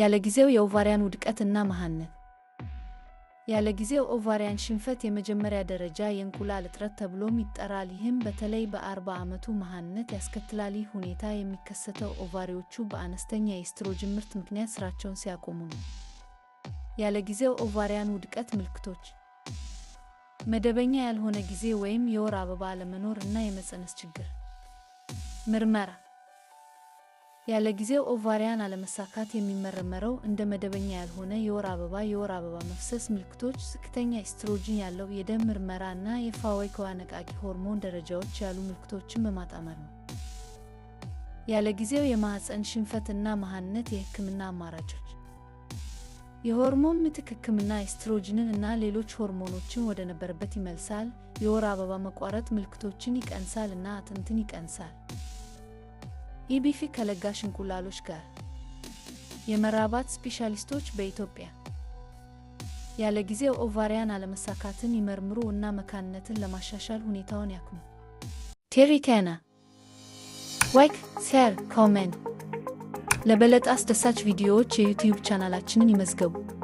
ያለ ጊዜው የኦቫሪያን ውድቀትና እና መሃንነት ያለ ጊዜው ኦቫሪያን ሽንፈት የመጀመሪያ ደረጃ የእንቁላል እጥረት ተብሎም ይጠራል። ይህም በተለይ በአርባ ዓመቱ መሃንነት ያስከትላል። ይህ ሁኔታ የሚከሰተው ኦቫሪዎቹ በአነስተኛ የኤስትሮጅን ምርት ምክንያት ስራቸውን ሲያቆሙ ነው። ያለ ጊዜው ኦቫሪያን ውድቀት ምልክቶች መደበኛ ያልሆነ ጊዜ ወይም የወር አበባ አለመኖር እና የመፀነስ ችግር ምርመራ ያለ ጊዜው ኦቫሪያን አለመሳካት የሚመረመረው እንደ መደበኛ ያልሆነ የወር አበባ የወር አበባ መፍሰስ ምልክቶች፣ ዝቅተኛ ኤስትሮጅን ያለው የደም ምርመራ እና የፋዋኪዋ ከዋነቃቂ ሆርሞን ደረጃዎች ያሉ ምልክቶችን በማጣመር ነው። ያለ ጊዜው የማህፀን ሽንፈት እና መሃንነት የህክምና አማራጮች የሆርሞን ምትክ ህክምና ኤስትሮጅንን እና ሌሎች ሆርሞኖችን ወደ ነበረበት ይመልሳል። የወር አበባ መቋረጥ ምልክቶችን ይቀንሳል እና አጥንትን ይቀንሳል። ኢቢፊ ከለጋሽ እንቁላሎች ጋር የመራባት ስፔሻሊስቶች በኢትዮጵያ ያለ ጊዜው ኦቫሪያን አለመሳካትን ይመርምሩ እና መካንነትን ለማሻሻል ሁኔታውን ያክሙ። ቴሪ ከና ዋይክ ሴር ኮመን ለበለጠ አስደሳች ቪዲዮዎች የዩቲዩብ ቻናላችንን ይመዝገቡ።